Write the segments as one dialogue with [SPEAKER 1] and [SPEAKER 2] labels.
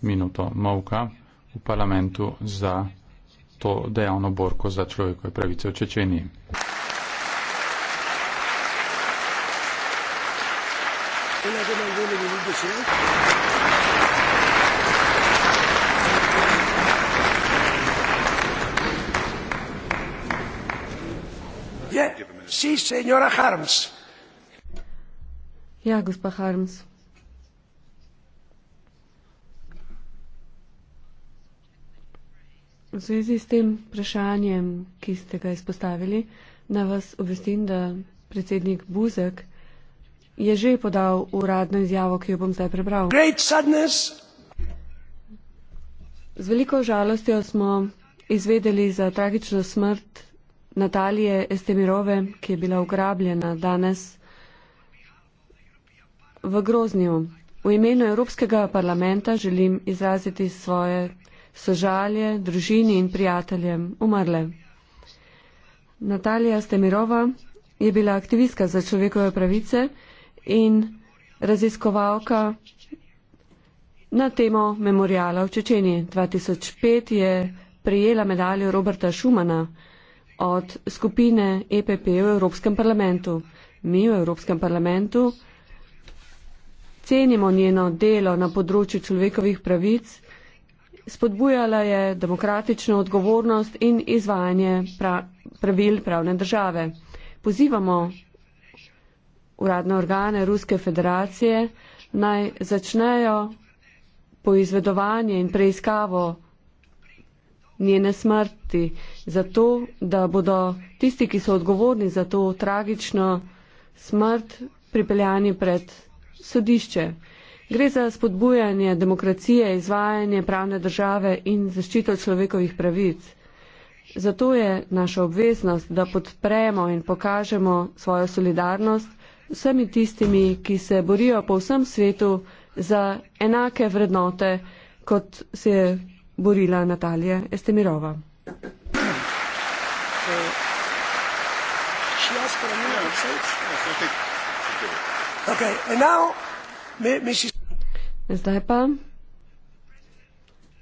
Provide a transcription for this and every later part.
[SPEAKER 1] minuto molka v parlamentu za to dejavno borko za človekove pravice v Čečeniji. Ja, gospa Harms. V zvezi s tem vprašanjem, ki ste ga izpostavili, na vas obvestim, da predsednik Buzek je že podal uradno izjavo, ki jo bom zdaj prebral. Z veliko žalostjo smo izvedeli za tragično smrt Natalije Estemirove, ki je bila ugrabljena danes v Groznju. V imenu Evropskega parlamenta želim izraziti svoje sožalje družini in prijateljem umrle. Natalija Stemirova je bila aktivistka za človekove pravice in raziskovalka na temo memoriala v Čečeni. 2005 je prejela medaljo Roberta Šumana od skupine EPP v Evropskem parlamentu. Mi v Evropskem parlamentu cenimo njeno delo na področju človekovih pravic spodbujala je demokratično odgovornost in izvajanje pra pravil pravne države. Pozivamo uradne organe Ruske federacije naj začnejo poizvedovanje in preiskavo njene smrti, zato da bodo tisti, ki so odgovorni za to tragično smrt, pripeljani pred sodišče. Gre za spodbujanje demokracije, izvajanje pravne države in zaščito človekovih pravic. Zato je naša obveznost, da podpremo in pokažemo svojo solidarnost vsemi tistimi, ki se borijo po vsem svetu za enake vrednote, kot se je borila Natalija Estemirova. Okay, and now, Mrs. Zdaj pa,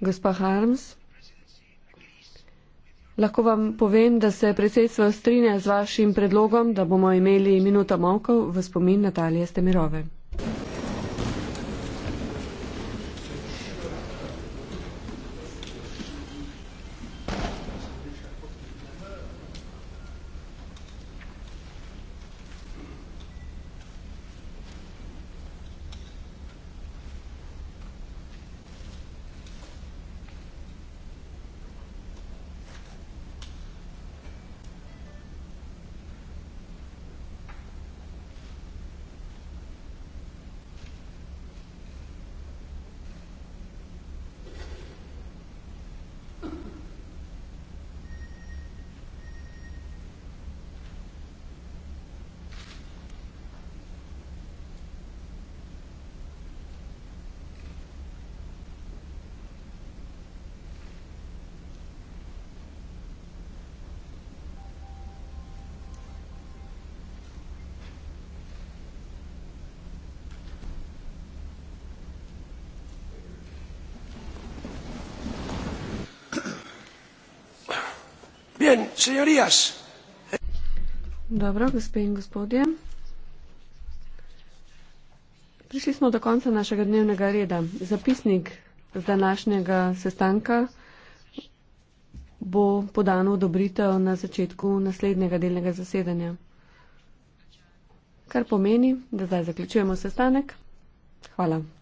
[SPEAKER 1] gospa Harms, lahko vam povem, da se predsedstvo strinja z vašim predlogom, da bomo imeli minuto molkov v spomin Natalije Stemirove. Dobro, gospe in gospodje. Prišli smo do konca našega dnevnega reda. Zapisnik z današnjega sestanka bo podano odobritev na začetku naslednjega delnega zasedanja. Kar pomeni, da zdaj zaključujemo sestanek. Hvala.